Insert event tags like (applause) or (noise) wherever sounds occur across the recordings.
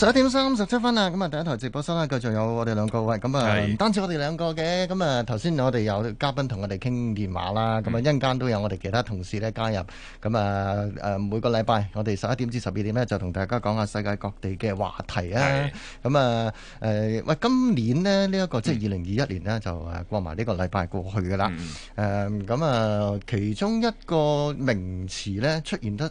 十一點三十七分啦，咁啊第一台直播室呢，繼續有我哋兩個喂，咁啊唔單止我哋兩個嘅，咁啊頭先我哋有嘉賓同我哋傾電話啦，咁啊一陣間都有我哋其他同事呢加入，咁啊誒每個禮拜我哋十一點至十二點呢，就同大家講下世界各地嘅話題啊，咁啊誒喂今年呢，呢一個即係二零二一年呢，就誒過埋呢個禮拜過去噶啦，誒咁啊其中一個名詞呢，出現得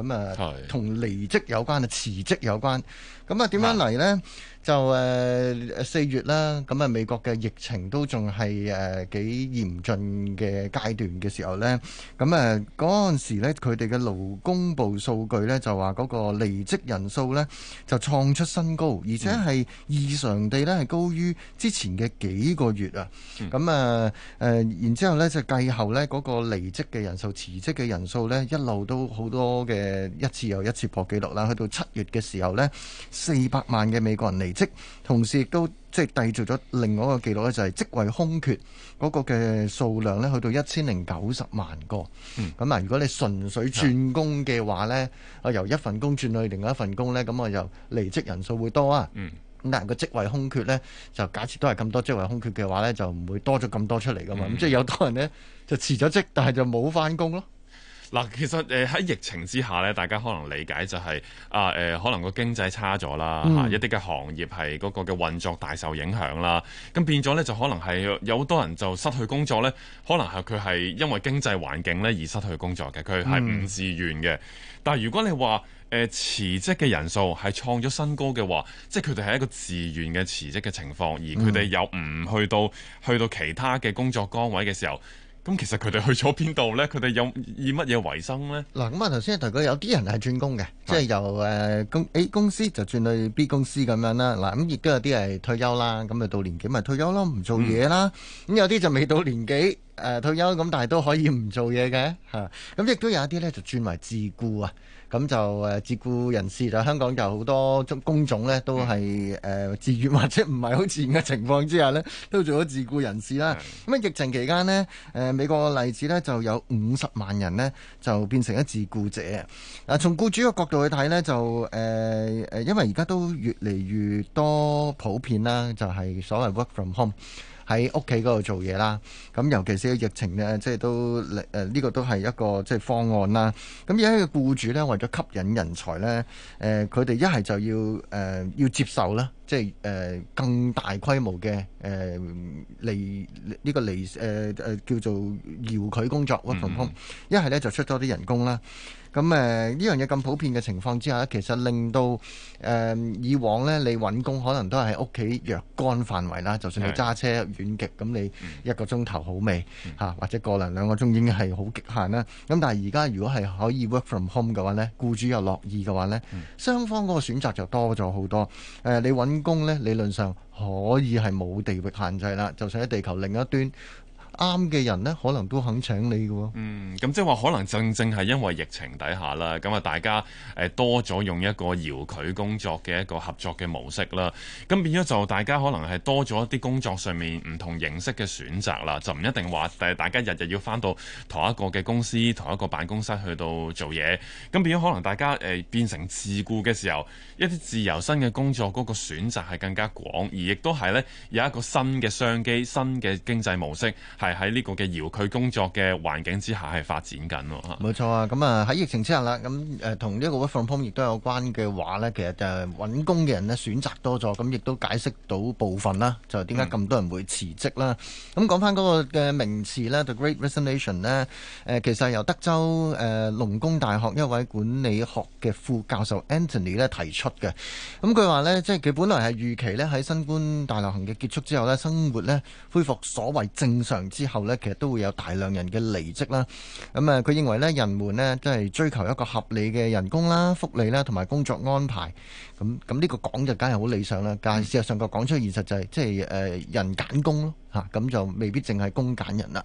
咁啊，同離職有關啊，辭職有關。咁啊，點樣嚟呢？的就誒四月、呃、啦，咁、呃、啊，美國嘅疫情都仲係誒幾嚴峻嘅階段嘅時,、呃、時候呢。咁啊，嗰陣時咧，佢哋嘅勞工部數據呢，就話嗰個離職人數呢，就創出新高，而且係異常地呢，係高於之前嘅幾個月、嗯、啊。咁啊誒，然之後呢，就繼後呢，嗰、嗰個離職嘅人數、辭職嘅人數呢，一路都好多嘅。誒，一次又一次破紀錄啦，去到七月嘅時候呢，四百萬嘅美國人離職，同時亦都即係締造咗另外一個紀錄呢就係、是、職位空缺嗰個嘅數量呢，去到一千零九十萬個。嗯，咁啊，如果你純粹轉工嘅話呢，啊是由一份工轉去另外一份工呢，咁我就離職人數會多啊。嗯，咁但係個職位空缺呢，就假設都係咁多職位空缺嘅話呢，就唔會多咗咁多出嚟噶嘛。咁即係有多人呢，就辭咗職，但係就冇翻工咯。嗱，其實誒喺疫情之下咧，大家可能理解就係、是、啊誒、呃，可能個經濟差咗啦，嗯、一啲嘅行業係嗰個嘅運作大受影響啦。咁變咗咧，就可能係有好多人就失去工作咧，可能係佢係因為經濟環境咧而失去工作嘅，佢係唔自願嘅。嗯、但係如果你話誒辭職嘅人數係創咗新高嘅話，即係佢哋係一個自願嘅辭職嘅情況，而佢哋又唔去到去到其他嘅工作崗位嘅時候。咁其實佢哋去咗邊度咧？佢哋有以乜嘢為生咧？嗱，咁啊，頭先提及有啲人係轉工嘅，啊、即係由誒、呃、A 公司就轉去 B 公司咁樣啦。嗱、啊，咁亦都有啲係退休啦，咁啊到年紀咪退休咯，唔做嘢啦。咁、嗯、有啲就未到年紀誒、呃、退休，咁但係都可以唔做嘢嘅吓。咁亦都有一啲咧就轉為自僱啊。咁就誒自雇人士就香港就好多工種咧，都係誒自願或者唔係好自願嘅情況之下呢都做咗自雇人士啦。咁啊，疫情期間呢，誒美國嘅例子呢就有五十萬人呢就變成咗自雇者。啊，從雇主嘅角度去睇呢，就誒誒、呃，因為而家都越嚟越多普遍啦，就係、是、所謂 work from home，喺屋企嗰度做嘢啦，咁尤其是疫情、呃這個、是是呢，即係都誒呢個都係一個即係方案啦。咁而家嘅雇主咧，為咗吸引人才咧，誒、呃，佢哋一係就要誒、呃、要接受啦。即係誒、呃、更大規模嘅誒離呢個嚟誒誒叫做遙距工作 work from home，一係咧就出咗啲人工啦。咁誒呢樣嘢咁普遍嘅情況之下，其實令到誒、呃、以往咧你揾工可能都係喺屋企若干範圍啦。就算你揸車遠極，咁 Yes. 你一個鐘頭好未嚇、mm hmm. 啊，或者過零兩個鍾已經係好極限啦。咁但係而家如果係可以 work from home 嘅話咧，僱主又樂意嘅話咧，雙、mm hmm. 方嗰個選擇就多咗好多。誒你揾。工咧，理論上可以係冇地域限制啦，就算喺地球另一端，啱嘅人呢，可能都肯請你嘅喎。嗯，咁即係話可能正正係因為疫情底下啦，咁啊大家誒多咗用一個遙距工作嘅一個合作嘅模式啦，咁變咗就大家可能係多咗一啲工作上面唔同形式嘅選擇啦，就唔一定話誒大家日日要翻到同一個嘅公司同一個辦公室去到做嘢，咁變咗可能大家誒變成自僱嘅時候，一啲自由身嘅工作嗰個選擇係更加廣，而亦都係咧有一個新嘅商機，新嘅經濟模式係。喺呢個嘅遙距工作嘅環境之下，係發展緊喎嚇。冇錯啊，咁啊喺疫情之下啦，咁誒同呢個 work from home 亦都有關嘅話呢，其實就係揾工嘅人呢選擇多咗，咁亦都解釋到部分啦，就點解咁多人會辭職啦。咁講翻嗰個嘅名詞 The Great Resignation 呢，誒、嗯 um 呃、其實係由德州誒、呃、農工大學一位管理學嘅副教授 Anthony 咧提出嘅。咁佢話呢，即係佢本來係預期呢，喺新冠大流行嘅結束之後呢，生活呢，恢復所謂正常。之後呢，其實都會有大量人嘅離職啦。咁啊，佢認為呢，人們呢即係追求一個合理嘅人工啦、福利啦，同埋工作安排。咁咁呢個講就梗係好理想啦，但係事實上個講出現實就係即係誒人揀工咯吓，咁就未必淨係工揀人啦。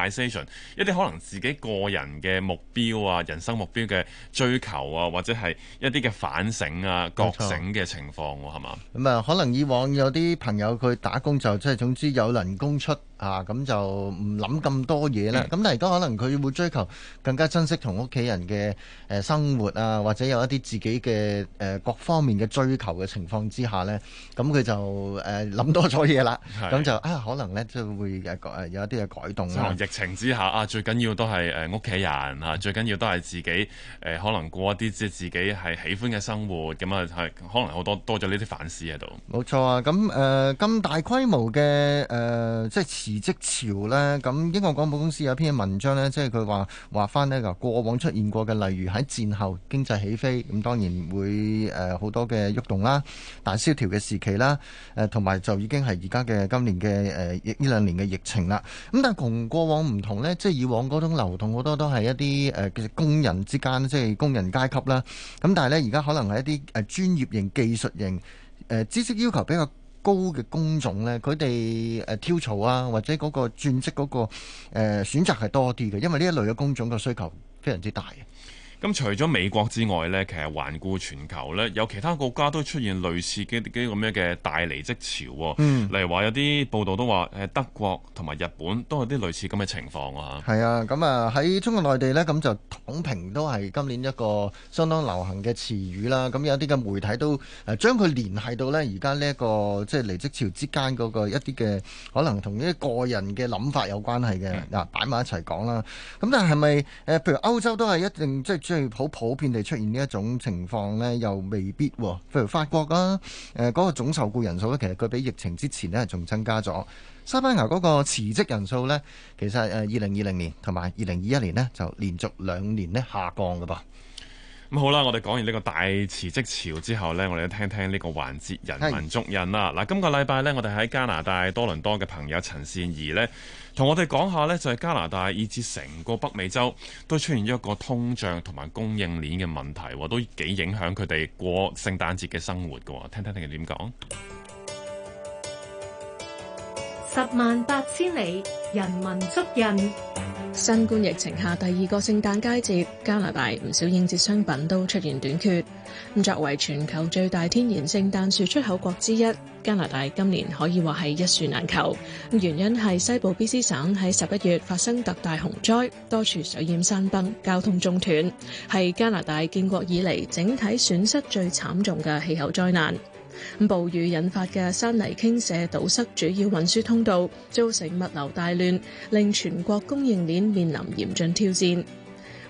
一啲可能自己個人嘅目標啊、人生目標嘅追求啊，或者係一啲嘅反省啊、冇錯。覺醒嘅情況，係嘛？咁啊、嗯，可能以往有啲朋友佢打工就即係總之有人工出。啊，咁就唔諗咁多嘢啦。咁的但係而家可能佢會追求更加珍惜同屋企人嘅誒生活啊，或者有一啲自己嘅誒、呃、各方面嘅追求嘅情況之下呢，咁、嗯、佢就誒諗、呃、多咗嘢啦。咁的就啊，可能呢，就會有，有一啲嘅改動、啊、疫情之下啊，最緊要都係誒屋企人啊，最緊要都係自己誒、呃啊，可能過一啲即係自己係喜歡嘅生活。咁啊係，可能好多多咗呢啲反思喺度。冇錯啊，咁誒咁大規模嘅誒即係。呃呃辭職潮呢，咁英國廣播公司有篇文章呢，即係佢話，話翻呢個過往出現過嘅，例如喺戰後經濟起飛，咁當然會誒好多嘅喐動啦、大蕭條嘅時期啦，誒同埋就已經係而家嘅今年嘅誒呢兩年嘅疫情啦。咁但係同過往唔同呢，即係以往嗰種流動好多都係一啲誒其實工人之間即係工人階級啦。咁但係呢，而家可能係一啲誒專業型、技術型、誒知識要求比較。高嘅工種咧，佢哋誒跳槽啊，或者嗰個轉職嗰個誒選擇係多啲嘅，因為呢一類嘅工種嘅需求非常之大嘅。咁除咗美國之外咧，其實環顧全球咧，有其他國家都出現類似嘅啲咁樣嘅大離職潮喎，嗯。例如話有啲報道都話誒德國同埋日本都有啲類似咁嘅情況啊係啊，咁啊喺中國內地咧，咁就躺平都係今年一個相當流行嘅詞語啦。咁有啲嘅媒體都誒將佢聯繫到咧，而家呢一個即係離職潮之間嗰個一啲嘅可能同呢個人嘅諗法有關係嘅，嗱擺埋一齊講啦。咁但係咪誒譬如歐洲都係一定即係。即係好普遍地出現呢一種情況呢，又未必、哦。譬如法國啊，誒、呃、嗰、那個總受雇人數呢，其實佢比疫情之前呢仲增加咗。西班牙嗰個辭職人數呢，其實係二零二零年同埋二零二一年呢，就連續兩年呢下降㗎噃。咁好啦，我哋講完呢個大辭職潮之後呢，我哋都聽聽呢個環節人文足印啦。嗱是，今個禮拜呢，我哋喺加拿大多倫多嘅朋友陳善宜呢，同我哋講下呢，就係加拿大以至成個北美洲都出現一個通脹同埋供應鏈嘅問題，都幾影響佢哋過聖誕節嘅生活噶。聽聽睇佢點講。十萬八千里，人文足印。新冠疫情下第二個聖誕佳節，節，加拿大唔少應節商品都出現短缺。作為全球最大天然聖誕樹出口國之一，加拿大今年可以話係一樹難求。原因係西部 BC 省喺十一月發生特大洪災，多處水淹山崩，交通中斷，係加拿大建國以嚟整體損失最慘重嘅氣候災難。暴雨引發嘅山泥傾瀉，堵塞主要運輸通道，造成物流大亂，令全國供應鏈面臨嚴峻挑戰。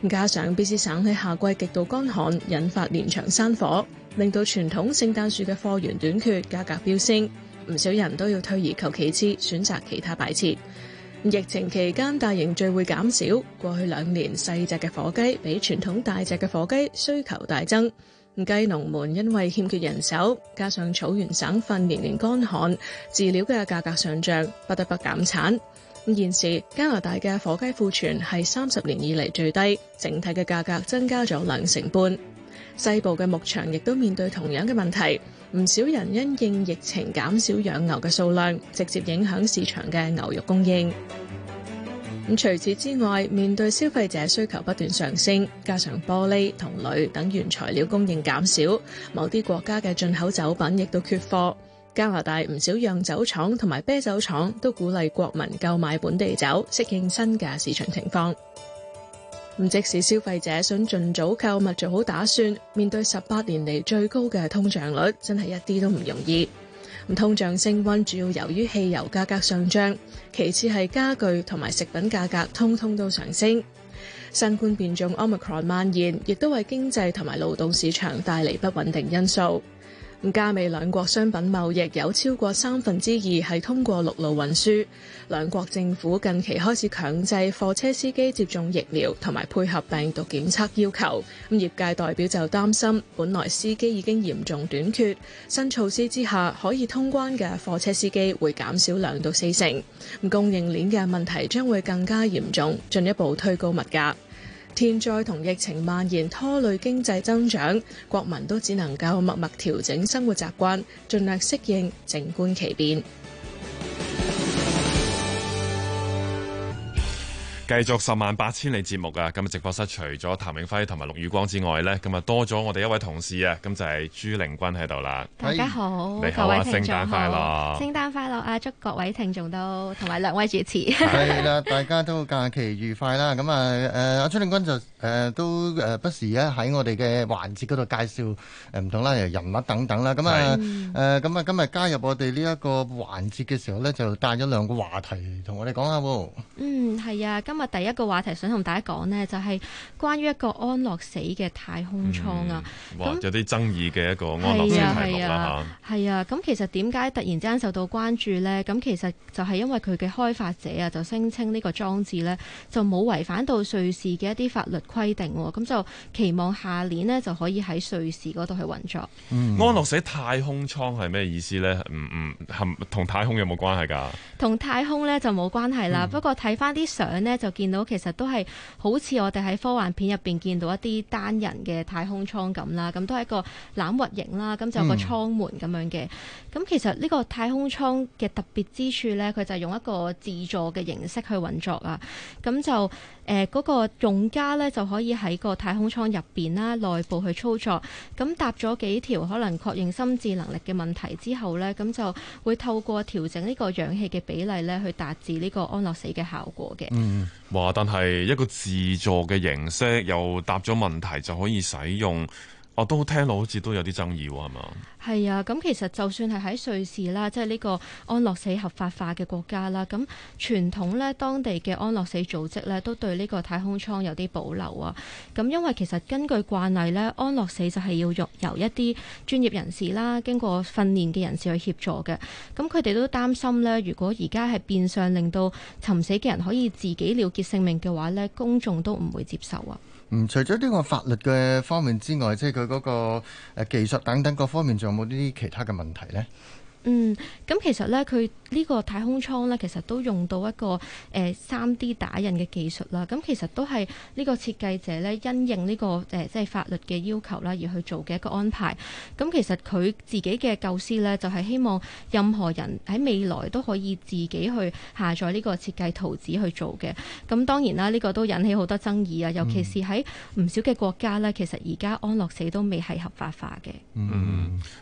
加上卑詩省喺夏季極度乾旱，引發連場山火，令到傳統聖誕樹嘅貨源短缺，價格飆升，唔少人都要退而求其次，選擇其他擺設。疫情期間大型聚會減少，過去兩年細隻嘅火雞比傳統大隻嘅火雞需求大增。雞農們因為欠缺人手，加上草原省份年年乾旱，飼料嘅價格上漲，不得不減產。咁現時加拿大嘅火雞庫存係三十年以嚟最低，整體嘅價格增加咗兩成半。西部嘅牧場亦都面對同樣嘅問題，唔少人因應疫情減少養牛嘅數量，直接影響市場嘅牛肉供應。除此之外，面對消費者需求不斷上升，加上玻璃同鋁等原材料供應減少，某啲國家嘅進口酒品亦都缺貨。加拿大唔少釀酒廠同埋啤酒廠都鼓勵國民購買本地酒，適應新嘅市場情況。咁即使消費者想儘早購物做好打算，面對十八年嚟最高嘅通脹率，真係一啲都唔容易。咁通脹升溫主要由於汽油價格上漲，其次係家具同埋食品價格通通都上升。新冠變種 Omicron 蔓延，亦都為經濟同埋勞動市場帶嚟不穩定因素。加美兩國商品貿易有超過三分之二係通過陸路運輸，兩國政府近期開始強制貨車司機接種疫苗同埋配合病毒檢測要求。咁業界代表就擔心，本來司機已經嚴重短缺，新措施之下可以通關嘅貨車司機會減少兩到四成，供應鏈嘅問題將會更加嚴重，進一步推高物價。天災同疫情蔓延拖累經濟增長，國民都只能夠默默調整生活習慣，盡力適應，靜觀其變。繼續十萬八千里節目啊。今日直播室除咗譚永輝同埋陸宇光之外呢，咁啊多咗我哋一位同事啊，咁就係朱令筠喺度啦。大家好，哎、你好，各位聽眾好。聖誕快樂，聖誕快樂啊！祝各位聽眾都同埋兩位主持係啦 (laughs) 大家都假期愉快啦。咁啊誒，阿朱令筠就誒、啊、都誒不時喺我哋嘅環節嗰度介紹唔、啊、同啦，人物等等啦。咁啊誒咁是啊，啊，啊今日加入我哋呢一個環節嘅時候呢，就帶咗兩個話題同我哋講下。嗯，係啊，今。今我第一個話題想同大家講咧，就係、是、關於一個安樂死嘅太空艙啊。嗯、那有啲爭議嘅一個安樂死係啊，咁、啊啊啊啊、其實點解突然之間受到關注咧？咁其實就係因為佢嘅開發者啊，就聲稱呢個裝置咧就冇違反到瑞士嘅一啲法律規定、啊，咁就期望下年咧就可以喺瑞士嗰度去運作。嗯、安樂死太空艙係咩意思咧？唔、嗯、唔、同、嗯、太空有冇關係噶？同太空咧就冇關係啦。嗯、不過睇翻啲相咧就，見到其實都係好似我哋喺科幻片入邊見到一啲單人嘅太空艙咁啦，咁都係一個欖核型啦，咁就有個艙門咁樣嘅。咁其實呢個太空艙嘅特別之處呢，佢就係用一個自助嘅形式去運作啊。咁就誒嗰、呃嗰個用家呢，就可以喺個太空艙入邊啦，內部去操作。咁搭咗幾條可能確認心智能力嘅問題之後呢，咁就會透過調整呢個氧氣嘅比例呢，去達至呢個安樂死嘅效果嘅。嗯話，但係一個自助嘅形式，又答咗問題就可以使用。我都聽落好似都有啲爭議喎，係嘛？係啊，咁其實就算係喺瑞士啦，即係呢個安樂死合法化嘅國家啦，咁傳統咧當地嘅安樂死組織咧都對呢個太空艙有啲保留啊。咁因為其實根據慣例咧，安樂死就係要用由一啲專業人士啦，經過訓練嘅人士去協助嘅。咁佢哋都擔心咧，如果而家係變相令到尋死嘅人可以自己了結性命嘅話咧，公眾都唔會接受啊。嗯，除咗呢個法律嘅方面之外，即係佢嗰個誒技術等等各方面，仲有冇啲其他嘅問題呢？嗯，咁其實咧，佢呢個太空艙咧，其實都用到一個誒三 D 打印嘅技術啦。咁其實都係呢個設計者咧，因應呢個誒即係法律嘅要求啦，而去做嘅一個安排。咁其實佢自己嘅構思咧，就係希望任何人喺未來都可以自己去下載呢個設計圖紙去做嘅。咁當然啦，呢個都引起好多爭議啊，尤其是喺唔少嘅國家咧，其實而家安樂死都未係合法化嘅。嗯，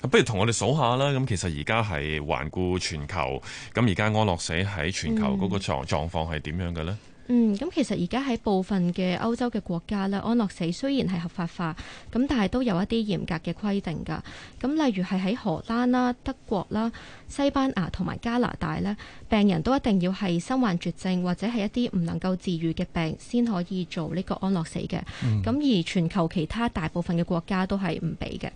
嗯，不如同我哋數下啦。咁其實而家係環顧全球，咁而家安樂死喺全球嗰個狀狀況係點樣嘅呢？嗯，咁其實而家喺部分嘅歐洲嘅國家咧，安樂死雖然係合法化，咁但係都有一啲嚴格嘅規定噶。咁例如係喺荷蘭啦、德國啦、西班牙同埋加拿大咧，病人都一定要係身患絕症或者係一啲唔能夠治愈嘅病，先可以做呢個安樂死嘅。咁、嗯、而全球其他大部分嘅國家都係唔俾嘅。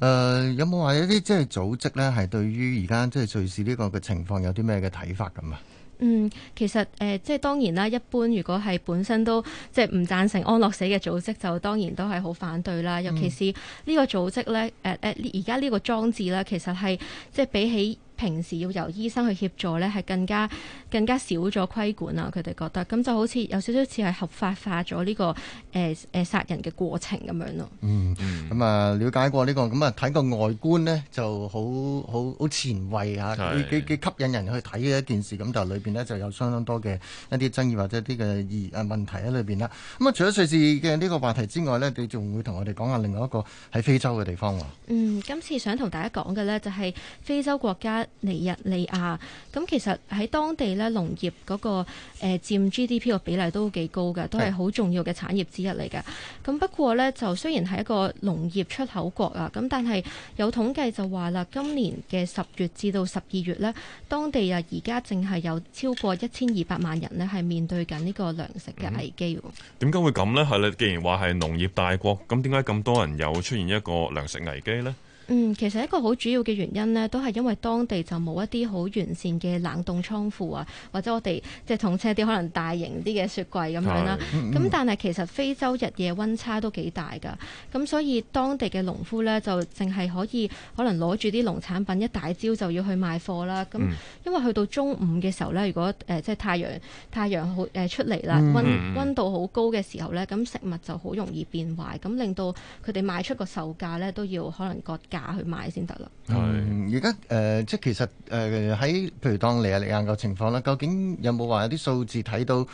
誒有冇話一啲即係組織咧，係對於而家即係瑞士呢個嘅情況有啲咩嘅睇法咁啊？嗯，其實誒、呃，即係當然啦。一般如果係本身都即係唔贊成安樂死嘅組織，就當然都係好反對啦。尤其是呢個組織咧，誒、呃、誒，而家呢個裝置咧，其實係即係比起，平時要由醫生去協助咧，係更加更加少咗規管啊！佢哋覺得咁就好似有少少似係合法化咗呢個誒誒殺人嘅過程咁樣咯。嗯，嗯，咁啊了解過呢個，咁啊睇個外觀呢就好好好前衞啊的，幾幾吸引人去睇嘅一件事。咁就裏邊呢就有相當多嘅一啲爭議或者一啲嘅疑啊問題喺裏邊啦。咁啊，除咗瑞士嘅呢個話題之外呢，你仲會同我哋講下另外一個喺非洲嘅地方喎？嗯，今次想同大家講嘅呢就係非洲國家。尼日利亞咁其實喺當地咧，農業嗰個誒佔 GDP 嘅比例都幾高嘅，是都係好重要嘅產業之一嚟嘅。咁不過咧，就雖然係一個農業出口國啊，咁但係有統計就話啦，今年嘅十月至到十二月咧，當地啊而家淨係有超過一千二百萬人咧，係面對緊呢個糧食嘅危機喎。點解、嗯、會咁呢？係啦，既然話係農業大國，咁點解咁多人又出現一個糧食危機呢？嗯，其實一個好主要嘅原因咧，都係因為當地就冇一啲好完善嘅冷凍倉庫啊，或者我哋即係同車啲可能大型啲嘅雪櫃咁樣啦、啊。咁對但係其實非洲日夜溫差都幾大㗎，咁所以當地嘅農夫咧就淨係可以可能攞住啲農產品，一大朝就要去賣貨啦。咁因為去到中午嘅時候咧，如果誒、呃、即係太陽太陽好誒、呃、出嚟啦，溫溫度好高嘅時候咧，咁食物就好容易變壞，咁令到佢哋賣出個售價咧都要可能割。價去買先得啦。嗯，而家誒，即係其實誒，喺譬如當離日曆嘅情況啦，究竟有冇話有啲數字睇到誒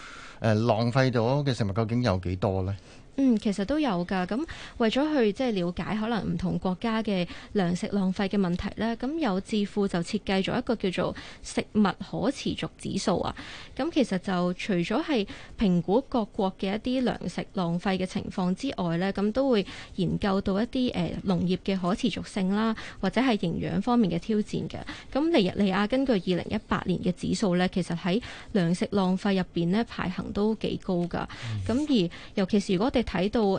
浪費咗嘅食物，究竟有幾多咧？嗯，其實都有噶。咁、嗯、為咗去即係了解可能唔同國家嘅糧食浪費嘅問題咧，咁、嗯、有智庫就設計咗一個叫做食物可持續指數啊。咁、嗯、其實就除咗係評估各國嘅一啲糧食浪費嘅情況之外咧，咁、嗯、都會研究到一啲誒、呃、農業嘅可持續性啦，或者係營養方面嘅挑戰嘅。咁尼日利亞根據二零一八年嘅指數咧，其實喺糧食浪費入邊咧排行都幾高噶。咁、嗯、而尤其是如果我哋睇到誒，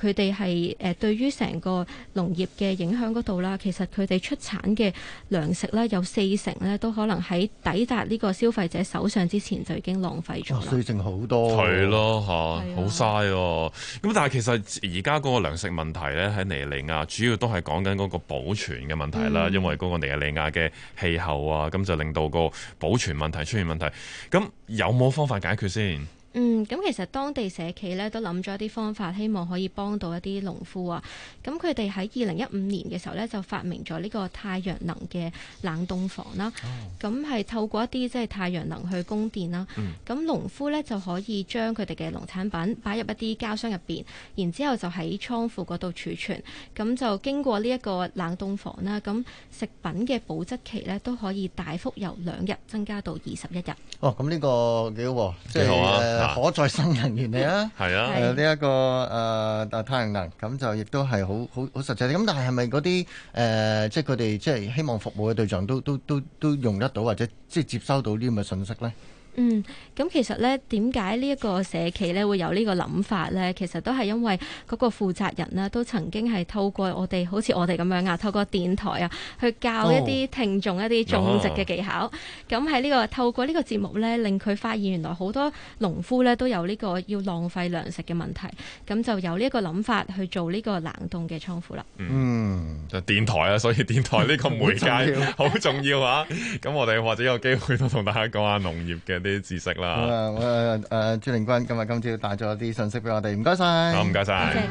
佢哋係誒對於成個農業嘅影響嗰度啦，其實佢哋出產嘅糧食咧，有四成咧都可能喺抵達呢個消費者手上之前就已經浪費咗。水剩好多係咯，嚇好嘥喎。咁、啊了啊、但係其實而家嗰個糧食問題咧，喺尼日利亞主要都係講緊嗰個保存嘅問題啦，嗯、因為嗰個尼日利亞嘅氣候啊，咁就令到個保存問題出現問題。咁有冇方法解決先？嗯，咁其實當地社企咧都諗咗一啲方法，希望可以幫到一啲農夫啊。咁佢哋喺二零一五年嘅時候咧，就發明咗呢個太陽能嘅冷凍房啦、啊。咁係、哦嗯、透過一啲即係太陽能去供電啦、啊。咁、嗯、農夫咧就可以將佢哋嘅農產品擺入一啲膠箱入邊，然之後就喺倉庫嗰度儲存。咁就經過呢一個冷凍房啦、啊，咁、嗯、食品嘅保質期咧都可以大幅由兩日增加到二十一日。哦，咁呢個幾好喎，即係好啊。可再生能源嚟啊，係 (laughs) 啊，呢一個誒，但、啊呃、太陽能咁就亦都係好好好實際嘅。咁但係係咪嗰啲誒，即係佢哋即係希望服務嘅對象都都都都用得到，或者即係接收到呢啲咁嘅信息咧？嗯，咁其實咧，點解呢一個社企咧會有呢個諗法咧？其實都係因為嗰個負責人呢，都曾經係透過我哋，好似我哋咁樣啊，透過電台啊，去教一啲聽眾一啲種植嘅技巧。咁喺呢個透過呢個節目咧，令佢發現原來好多農夫咧都有呢個要浪費糧食嘅問題。咁就有呢一個諗法去做呢個冷凍嘅倉庫啦。嗯，就是、電台啊，所以電台呢個媒介好重要啊。咁 (laughs) (laughs) (laughs) (laughs) (laughs) (laughs) (laughs) 我哋或者有機會都同大家講下農業嘅知識啦。好 (laughs) 啊，我、啊、誒朱令筠，今日今朝帶咗一啲信息俾我哋，唔該晒，好唔該晒。